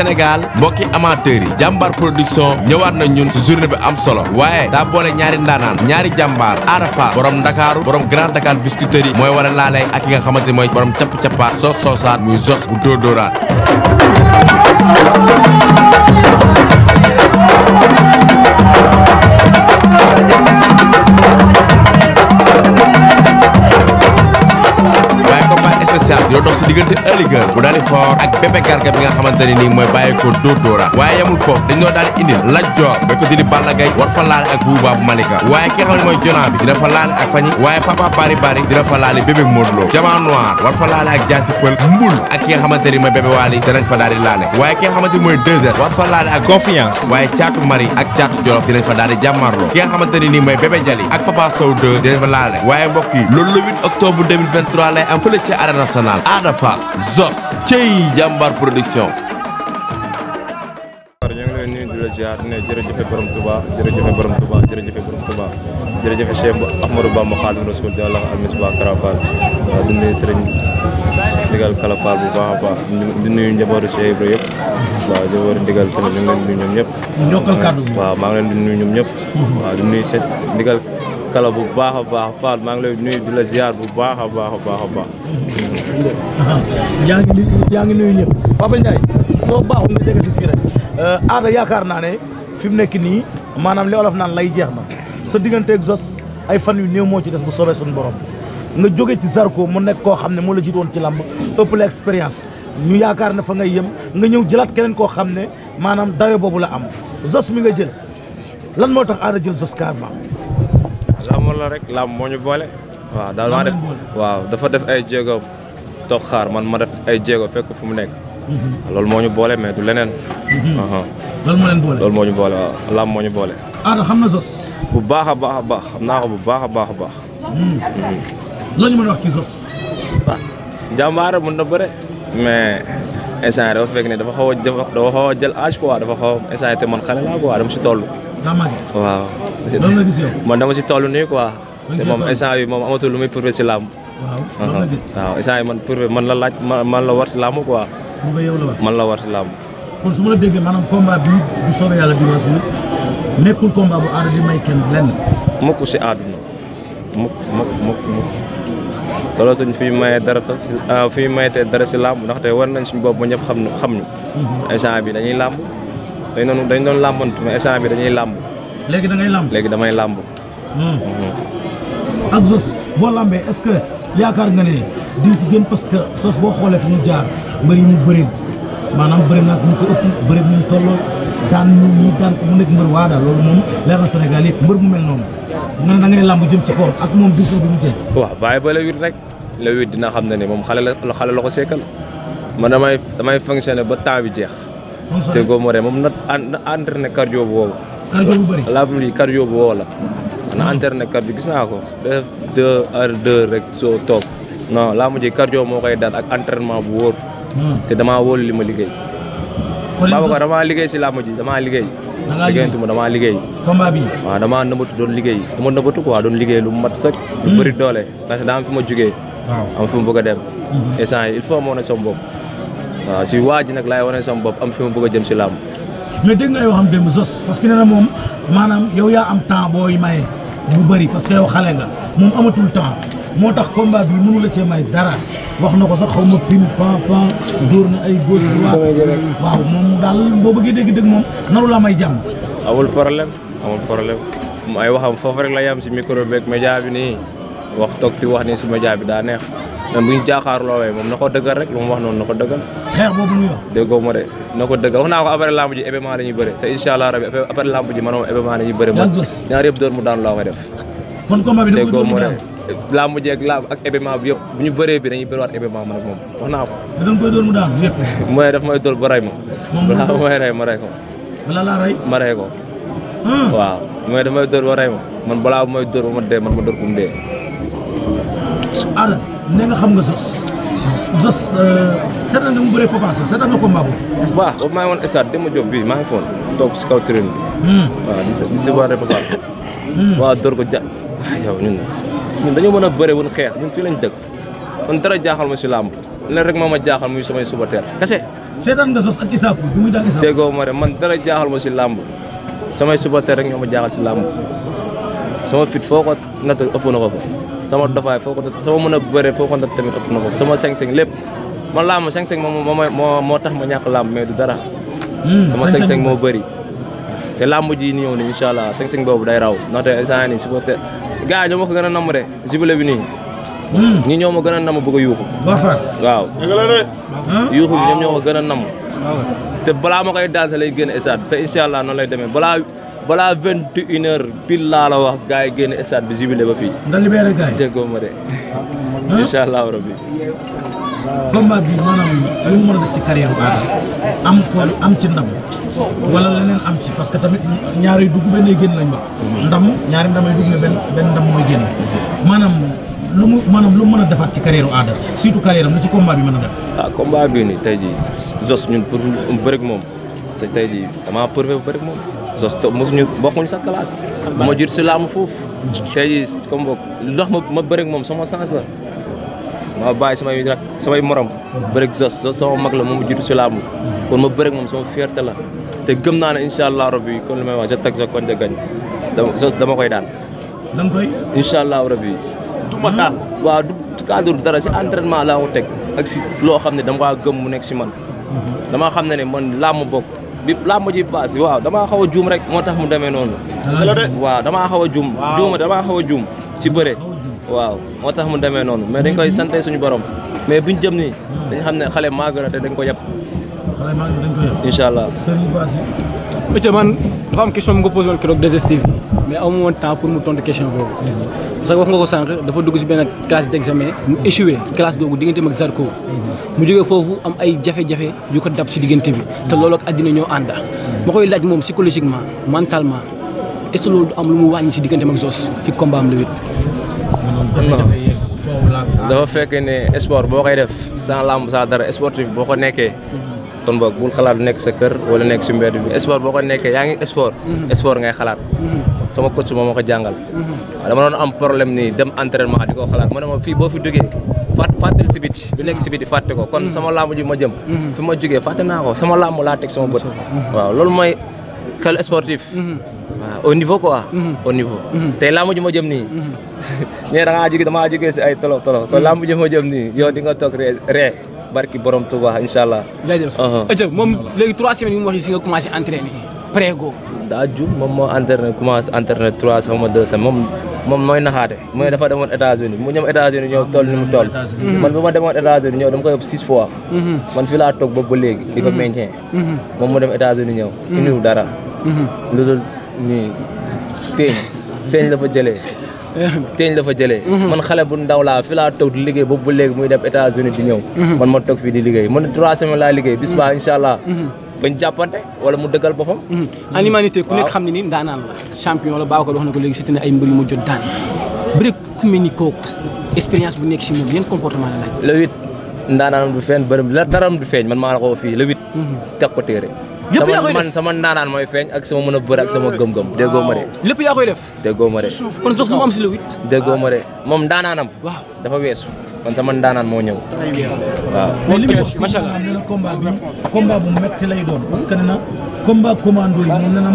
Sénégal mbokki amateurs yi jàmbaar production ñëwaat na ñun ci journée bi am solo waaye daa boole ñaari ndaanaan ñaari jàmbaar aarafaar borom ndakaaru borom Grand Dakar Biscuiterie mooy war a laalee ak ki nga xamante mooy borom capp cappaat soos soosaat muy sos bu dóor dóoraat dina dox si diggante ëllëgër bu daal di fort ak bébé garga bi nga xamante ne nii mooy bàyyi ko dóor dóoraat waaye yamul foofu dañ doo daal di indi Lat Joor ba ko di Balla Gaye war fa laale ak Bouba bu Malika waaye ki xam ne mooy jonaa bi dina fa laale ak fañi waaye papa bari bari dina fa laale bébé Modou Lo Jama war fa laale ak jaasi pël mbul ak ki nga xamante ni mooy bébé waali danañ fa daal laale waaye ki nga xamante ni mooy deux heures war fa laale ak confiance waaye caatu mari ak caatu jolof dinañ fa daal di jàmmarloo ki nga xamante ni nii mooy bébé ak papa sow dinañ fa laale waaye mbokk yi loolu le 8 octobre 2023 lay am fële ci arène nationale Ada Fass Zos cey jàmbaar production jaar ne jërëjëfe borom Touba jërëjëfe borom Touba jërëjëfe borom Touba jërëjëfe Cheikh Ahmadou Bamba ndigal kala faal bu baax a baax di nuyu njabootu Cheikh Ibra yëpp waaw njabootu ndigal tamit ñu ngi leen di nuyu ñoom ñëpp ñokkal kaddu waaw maa ngi leen di nuyu ñoom ñëpp mhm. waaw di nuyu Cheikh ndigal kala bu baax a baax faal maa ngi lay nuyu di la ziar bu baax a baax a baax a baax yaa ngi yaa ngi nuyu ñëpp Papa Ndiaye soo baaxul nga jege si fii rek euh, aada yaakaar naa ne fi mu nekk nii maanaam li olof naan lay jeex na sa digganteeg Zoss ay fan yu néew moo ci des bu soobee suñu borom nga joggé ci Zarko mu nek ko xamné mo la jitt won ci lamb ëpp la expérience ñu yaakar na fa ngay yëm nga ñëw jëlat keneen ko xamné manam maanaam bobu la am zos mi nga jël lan moo tax aada jël zos karma làmb la rek lamb moo ñu boole. waaw daal maa def waaw dafa def ay jéggo tok xaar man ma def ay jéggo fekk fu mu nek lool moo ñu boole mais du leneen. aha lool mo leen bolé lool moo ñu boole lamb làmb moo ñu boole. aada xam zos. bu baaxa a baax a baax xam ko bu baaxa a baax baax. lañu mën a wax ci Zoss. na bëre mais instant dafa fekk ne dafa xaw a dafa xaw jël âge dafa xaw a instant te man xale laa quoi dama si toll. daa màgg waaw. man dama si toll nii quoi. te moom instant bi moom amatul lu muy prouvé si làmb. waaw loolu yi man man la laaj man la war si làmb quoi. la war man la war si làmb. mukk si àdduna tolatuñ fi maye dara fi mayete dara ci lamb ndax té war nañ suñu bop ñëpp xam xam ñu instant bi dañuy lamb dañ doon dañ doon lambant mais instant bi dañuy lamb légui da ngay lamb légui damay lamb ak jos bo lambé est-ce que yaakar nga di ci gën parce que sos bo xolé fi mu jaar bari mu bari manam bari nak mu ko ëpp bari mu tollo ñu mu nek mbeur waada mom mbeur mu mel man da waaw bàyyi ba le huit rek le huit dina xam ne ni moom xale la xale la ko sekkal man damay damay fonctionné ba temps bi jeex. te Tégo moom na na entraîné cardio bu woowu. la laa cardio na entraîné cardio gis naa ko def deux rek soo toog non laa mujjee cardio moo koy daal ak entraînement bu wóor. Hmm. te damaa wóolu li ma liggéey. kon damaa liggéey si laa mujj damaa liggéey. liggéeyante mu damaa liggéey combat bi waaw damaa nëbatu doon liggéey dama nëbatu quoi doon liggéey lu mat sëkk lu hmm. bëri doole parce que daa am fi ma jugee am fi ma bëgg a dem instant hmm. yi il faut ma wane sama bopp waaw si waa ji nag laay wane sama bopp am fi ma bëgg a jëm si làmb mais dégg nga yoo xam démb Zoss parce que nee na moom maanaam yow yaa am temps booy maye bu bëri parce que yow xale nga moom amatul temps moo tax combat bi mënu la cee may dara wax na ko sax xaw ma pim pan dóor na ay góor waaw moom daal boo bëggee dégg-dégg moom naru laa may jàmm. amul problème amul problème ay waxam foofu rek la yam si micro beeg média bi nii wax toog di wax ni si média bi daa neex man bu ñu jaaxaar loowee moom na ko dëggal rek lu mu wax noonu na ko dëggal. xeex boobu muy wax. déggoo ma de na ko dëggal wax naa ko après lamb ji événement la ñuy bëre te incha allah rabi après lamb ji man moom la ñuy bëre. yaa ngi jëf ñaar yëpp dóor def. kon combat bi lamb jeeg lamb ak ebema bi yop buñu ñu bi dañuy bëru wat ebema man ak mom waxna ko. da nga koy dool mu daan yépp moy daf may dool ba ray ma. moom mooy ray ma rey ko. la la ray ma ray ko. waaw moy daf may doon ba rey ma man bala moy dool ba ma dé man ma dool ko mu dee. Ada ne nga xam nga sos. sos sét na mu bëree Papa Sow seetaan nga combat bu. waaw boobu won ngi dem job bi ma ko tok ci kaw train bi. waaw di ci di si waree Papa Sow. Hmm. waaw door ko ja yow ñun ñun dañu mëna bëré wun wuñ xeex ñun fi lañ dëkk jahal dara jaaxal ma ci làmb lén rek moo jaaxal muy sama suba kasse sétam nga sos ak isaafu bi muy daan isaafu déggoo ma ré man dara jaaxal ma ci làmb sama suba rek ñoma jaaxal ci làmb sama fit foko ko natt ëpp na ko fa sama dofay foko ko sama mëna bëré foko foo tamit ëpp na ko sama seng-seng lepp man làmb seng-seng moo mo mo tax ma ñak làmb mais du dara hmm, sama seng-seng mo bëri té lamb ji ñëw ni inshallah allah seng-seng bobu day raw noté isaani supporter gars yi ñoo ma ko gën a namm de jubilé bi nii. Hmm. ñi ñoo ma gën a namm bëgg a yuuxu. waaw. yuuxu bi ñoom ñoo gën a namm. Ah te balaa ma koy dansé gën génn stade te incha allah noonu lay demee balaa balaa vingt et une laa la wax gars yi génn stade bi jubilé ba fii. nga libéré gars rabbi. combat bi manam lu mëna def ci carrière ba am ko am ci ndam wala lenen am ci parce que tamit ñaari dugg benn genn lañ wax ndam ñaari ndamay dugg ne Mana benn ndam moy genn manam lu mu manam lu meuna defat ci carrière ada surtout carrière lu ci combat bi meuna def ah combat bi ni tay jos ñun pour un ak mom c'est tay dama prouver bëre ak mom jos to mos ñu ñu sa classe mo jur ci lamu fofu tay ji comme bok wax ma bëre mom sama sens la ma bàyyi samay samay morom bëreg Zoss Zoss sama mag la moom jiitu si làmb kon ma bëreg moom sama fierté la te gëm naa ne incha allah rabbi kon li may wax je tag je kon je gañ Zoss dama koy daan da nga koy incha allah rabbi ma daan waaw du cadre dara si entraînement laa ko teg ak si loo xam ne dama kaa gëm mu nekk si man damaa xam ne ne man làmb bokk bi làmb ji paas waaw damaa xaw a juum rek moo tax mu demee noonu waaw damaa xaw a juum juuma damaa xaw a juum si bëre waaw moo tax mu demee noonu mais dañ koy sante suñu borom mais buñ jëm nii dañ xam ne xale maagara te dañ ko yab xale maagara dañ ko yab allah Serigne man dafa am question mu nga mais amu woon temps pour mu tontu question boobu parce wax nga ko sànq dafa dugg si benn classe d' examen mu échoué classe googu digganteem ak Zarko mu jógee foofu am ay jafe-jafe yu ko dab si diggante bi te loolu ak àddina ñoo ànda ma koy laaj moom si mentalement est ce loolu du am lu mu wàññi si digganteem ak Zoss si combat am la dafa fekk ne sport boo koy def sans lamb sans dara sportif boo ko nekkee. kon boog bul xalaat nekk sa kër wala nekk si mbedd bi sport boo ko nekkee yaa ngi sport. sport ngay xalaat. sama coach moom moo ko jàngal. waaw ma doon am problème ni dem entraînement di ko xalaat ma ne ma fii boo fi duggee fàtt fàttali si biti nekk si biti fàtte ko kon sama lamb ji ma jëm. fi ma jógee fàtte naa ko sama lamb laa teg sama bët. waaw loolu mooy xel sportif. Ah, au niveau quoi. Mhm. au niveau. Mhm. tey làmb ji ma jëm nii. Mhm. ñee da ngaa jóge damaa jógee si ay tolof tolof kon làmb ji ma jëm nii yow di nga toog ree ree barki borom Touba incha allah. jaajëf ëjëf moom léegi trois semaines yu mu wax yi si nga commencé entraîné prego. daa jum moom moo entraîné commencé entraîné trois sama deux sama moom moom mooy naxaate mooy dafa demoon États-Unis mu ñëw États-Unis ñëw toll ni mu toll. man bu ma demoon États-Unis ñëw dama dara. nii teeñ teeñ la fa jëlee teeñ la fa jëlee mhm. man xale bu ndaw laa fi laa toog di liggéey boobu léegi muy dem États-Unis di ñëw mhm. man ma toog fii di liggéey man trois semaines laa liggéey bis baa mhm. incha allah bañ jàppante wala mu dëggal boppam en humanité ku nekk xam ne ni ndaanaan la champion la baaw ko wax na ko léegi si te ne ay mbir yu ma jot daan bëri ku mel ni kooku expérience bu nekk si moom yan comportement la laaj le huit ndaanaan du la feeñ man la ko fii yëpp yaa sama naanaan mooy feeñ a bëre ak sama gëm-gëm déggoo ma de lépp yaa koy def déggoo ma de kon sox mu am si la wit déggoo ma moom daanaanam waaw dafa weesu man sama ndaanaan moo ñëw. waaw mais li macha allah combat bi parce que nee na combat commando yi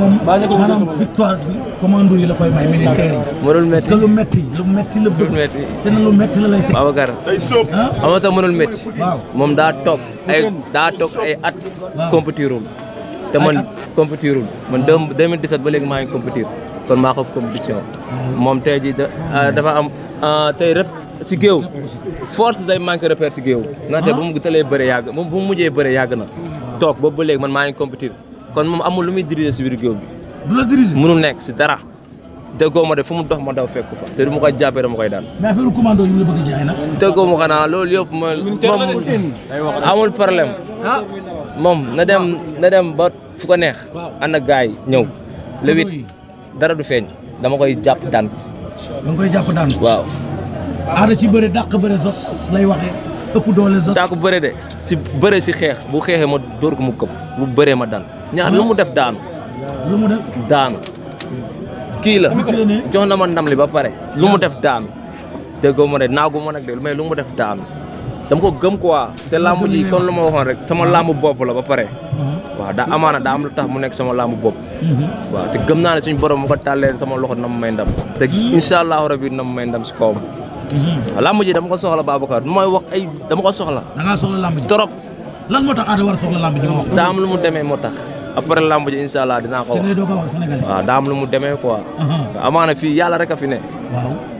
moom nee na victoire bi commando yi la koy may militaire yi. mënul metti parce que lu metti lu metti la bëgg. te na lu ah? moom daa toog ay daa toog ay at. waaw te man ah. compétirul man 2017 ba léegi maa ngi compétir kon maa ko compétition moom tey jii ah, hmm. dafa am ah, te rep si géew force day manqué repère si géew ndaxte bu mu tëlee bëre yàgg bu mu mujjee bëre yàgg na hmm. toog ba léegi man maa ngi compétir kon moom amul lu muy diriger si biir géew bi du la nekk si dara déggoo ma de fu mu dox ma daw fekk fa te du ma koy jàppee dama koy daal. mais affaire commando yi ñu lool bëgg a jaay nag. déggoo ma xanaa amul problème. moom na dem na dem ba fu ko neex ànd ak gars yi ñëw le huit dara du feeñ dama koy jàpp daan ko. koy jàpp daan ko waaw. aada ci bëre dàq bëre sos lay waxee ëpp doole sos. dàq bëre de si bëre si xeex bu xeexee ma dóor ko mu këpp bu bëree ma daan ñaar lu mu def daanu. lu mu def daanu. kii la jox na ma ndam li ba pare lu mu def daanu déggoo ma ne naagu ma nag de mais lu mu def daanu. dama ko gëm quoi te làmb ji kon lu ma waxoon rek sama ah. làmb bopp la ba pare ah. waaw daa amaana daa am lu tax mu nekk sama làmb bopp mhm. waaw te gëm naa ne suñu borom mu ko tàlleen sama loxo na mu may ndam te incha allahu rabi na mu may ndam si kawam mhm. làmb ji dama ko soxla Babacar du may wax ay dama ko soxla da ngaa soxla lan moo tax aada a soxla daa am lu mu demee moo tax après lamb ji incha allah do ko wax waaw daa am lu mu demee quoi amana fi yalla rek fi né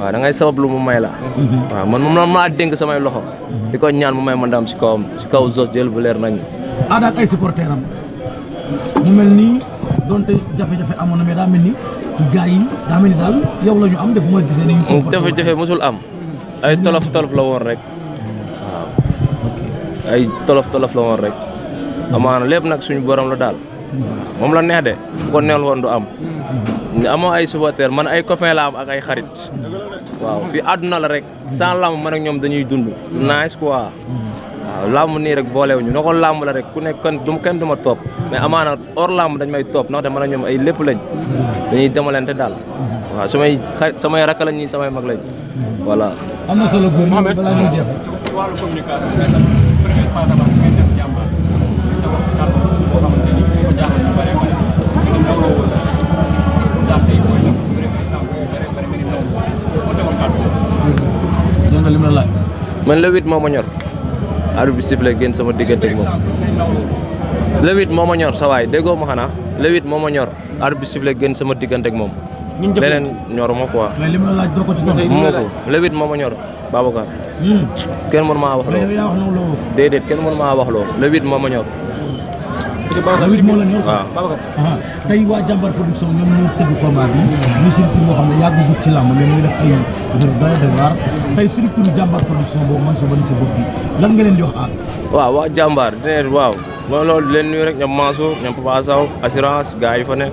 wa da ngay sabab lu mu may la mhm. wa man mom la maa sama loxo mhm. diko ñaan mu may man dam ci kawam ci kaw zot jël bu leer nañu Ada ay supporteram am mu donte jafe-jafe amono na mais daa mel gaay yi da melni dal yow lañu am de bu ma gisee ko mm, jafe-jafe musul am ay tolof tolof la won rek ay tolof tolof la won rek mhm. amana lepp nak suñu borom la dal moom la neex de bu ko woon du am amoo ay supporters man ay copains am ak ay xarit waaw fii àdduna la rek sans làmb man ak ñoom dañuy dund nice quoi waaw làmb nii rek boolewuñu na ko làmb la rek ku nekk kan du kenn mais amaana hors làmb dañ may topp ndax de man ñoom ay lépp lañ dañuy demalante daal waaw samay xarit samay rakk lañ ñii samay mag lañ voilà jox na li mu la laaj. le moo ma ñor. bi sifflé génn sama diggante moom. le huit moo ma ñor sa waay déggoo ma le moo ma ñor arbitre bi sifflé génn sama diggante moom. ñun leneen ñoruma quoi. mais li mu la laaj moo ko le huit ma hmm. kenn mënu maa wax loo. mais yow déedéet kenn mënu maa wax loo le Babacar ah, moo la ñor Babacar ah, waa jàmbar production ñoom ñoo tëgg combat bi ñu structure boo xam ne yàgg gut ci làmb mais muy def ay affaire doy de waar tey structure jàmbar production boobu man sa bari bi lan nga leen di wax waaw waa jàmbar dine waaw moo loolu leen nuyu rek ñoom Mansour ñoom Papa Sow assurance yi fa ne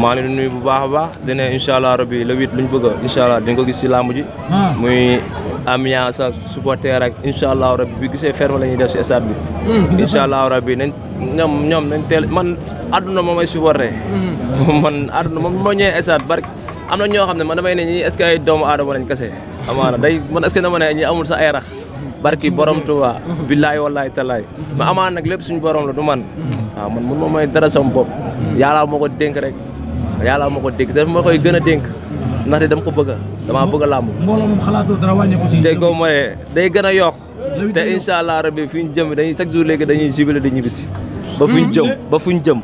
maa ngi leen nuyu bu baax a baax dine incha allah rabbi le huit lu ñu bëgg a incha allah ko gis si làmb ji ah. muy ambiance ak supporter ak incha allahu rabi bi gisee ferme la ñuy def si stade bi. Hmm, incha allahu rabi nañ ñoom ñoom nañ teel man àdduna moom ay supporter. Hmm. man àdduna moom moo ñëwee stade barke am na ñoo xam ne man damay may ñii est ce que ay doomu aadama lañ kese. amaana day man est ce que dama ne ñi amul sax ay rax. barki borom Tuuba billaay wallaay talaay ma amaan nag lépp suñu borom la du man waaw hmm. ah, man ma may dara sama bopp yàlla moo ko dénk rek yàlla moo ko dénk daf ma koy gën a dénk ndaxte dama ko bëgg a damaa bëgg a làmb. mbooloo moom xalaatoo dara wàññeeku day gën a yokk te incha allah rabi fi ñu jëm dañuy chaque jour léegi dañuy jubilé di ñibbisi ba fu ñu jëm ba fu ñu jëm.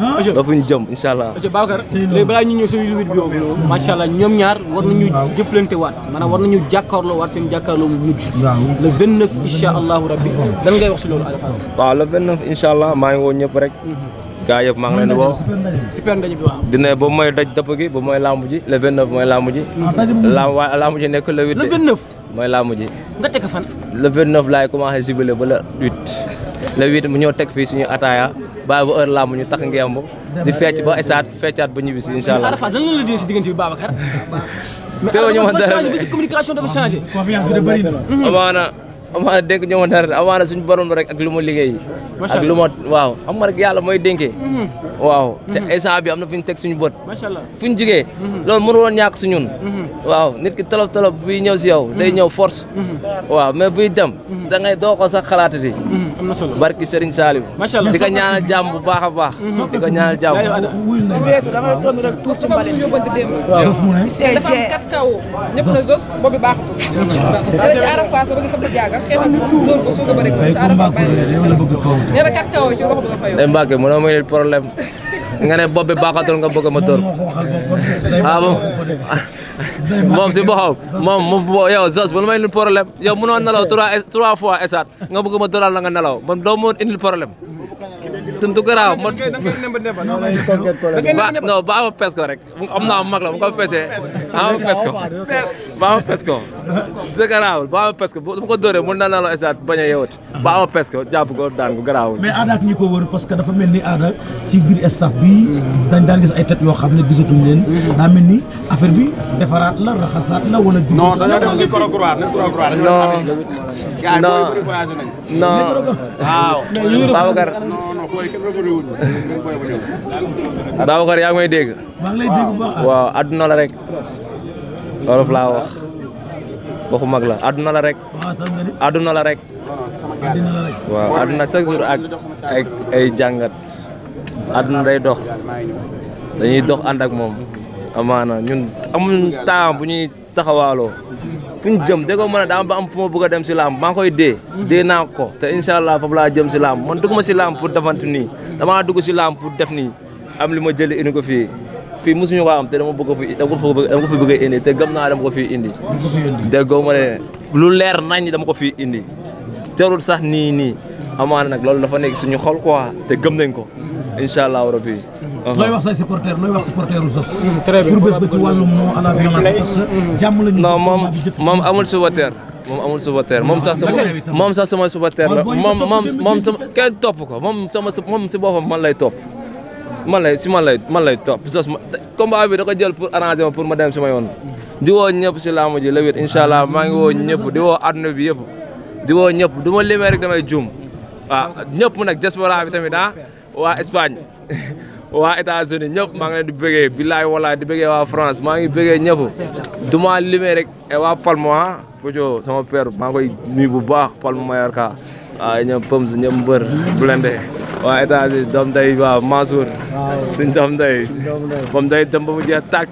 Ah. ba fu ñu jëm incha allah. ok Babacar léegi balaa ñu ñëw sa lutte bi boobu macha allah ñoom ñaar war nañu jëflante waat a war nañu jàkkaarloo war seen jàkkaarloo mu mujj. le 29 incha allahu rabi lan ngay wax si loolu Ada Fass. waaw le 29 incha allah maa ngi woo ñëpp rek mhm. gaa yëpp maa ngi leen di woo. super ndaje bi waaw. dina boobu mooy daj dëpp gi boobu mooy làmb ji le 29 mooy làmb ah, nekk le 8. le 29 mooy làmb nga teg fan. le 29 laay commencé jubilé ba le 8 le 8 mu ñëw teg fii suñu ataaya bàyyi ba heure làmb ñu tax ngemb di fecc ba esaat feccaat ba ñibbi si incha allah. Ada Fass lan la la si diggante bi Babacar. mais communication dafa changé. confiance bi de bëri na. ama denk ñoo dara amaana suñu borom rek ak lu ma liggéey ak lu ma waaw xam nga rek yàlla mooy dénkee waaw te instant bi am na fu ñu teg suñu bët fu ñu jugee loolu mënu woon ñàkk suñun waaw nit mhm. mhm. mhm. ki tolof tolof buy ñëw si yow day ñëw force waaw mais buy dem da ngay doo ko sax xalaatati barki Serigne Saliou di ko ñaanal jàmm bu baax a baax di ko ñaanal jàmm weesu ya, ya, damay tontu rek tuur ci mbalit yóbbante démb dafa am kat kaw ñëpp na zos boobu baaxatul ya, ak xeex ak dóor ko soog may problème nga ne bopp bi baaxatul nga bëgg ma dóor ko ah moom moom si boppam moom yow Zoss mënoo may indil problème yow mënoo nelaw esaat nga bëgg ma dóoral la nga nelaw man doo mën indil tuntu garaaw ma. ba non ba ama pes ko rek am mag la bu ko ba ama pes ko ba ama pes ko. te garaawul ba ama la esaat bañ a ba ama pes ko jàpp daan ko garaawul. mais aada ñi ko wër parce que dafa mel ni aada ci biir staff bi. dañ daan gis ay tët yoo xam ne gisatuñ leen. daa mel ni affaire bi defaraat la raxasaat la wala. jublu non dañoo def ni korokuraat ne Babacar yaa ngi may dégg. maa la rek. wolof laa wax waxu mag la adduna la rek. adduna la rek. waaw adduna chaque jour ak ay ay jàngat. adduna day dox. dañuy dox ànd amaana ñun amuñu temps taxawaaloo fu ñu jëm déggoo ma ne daa ba am fu ma bëgg dem si làmb maa koy dee dee naa ko te incha allah foofu laa jëm si làmb man dugg ma si làmb pour defantu nii damaa dugg si làmb def nii am li ma jëli indi ko fii fii mosuñu ko am te dama bëgg fi dama ko dama ko bëgg a indi te gam naa dama ko fii indi déggoo ma ne lu leer nañ dam ko fii indi jarul sax nii nii amaana nag loolu dafa nekk suñu xol quoi te gëm nañ ko incha allah rabbi Uh-huh. looy wax say supporter looy wax supporteru Zoss. Mm, très bien pour bés ba ci wàllum non à la violence parce que jàmm la ñu. non moom moom amul supporter moom amul supporter moom sax sama sax sama supporter la moom moom moom sama topp ko moom sama moom si boppam man lay topp. man lay si man lay man lay topp Zoss ma combat bi pour arranger ma pour ma yoon. di woo ñëpp si laamu ji la wér incha allah maa ngi woo ñëpp di woo adduna bi yëpp. di woo ñëpp du ma limee damay juum waaw nag diaspora bi tamit ah, waa Espagne. waa États-Unis ñëpp maa ngi leen di bëggee billaay walaay di bëggee waa France maa ngi bëggee ñëpp duma limee rek e waa Palma Pocho ah, sama père maa ngi koy nuyu bu baax Palma Mallorca waaw ñoom Poms ñoom Mbër Blende waa États-Unis doom day waaw Mansour suñ doom day moom day ba mu jeex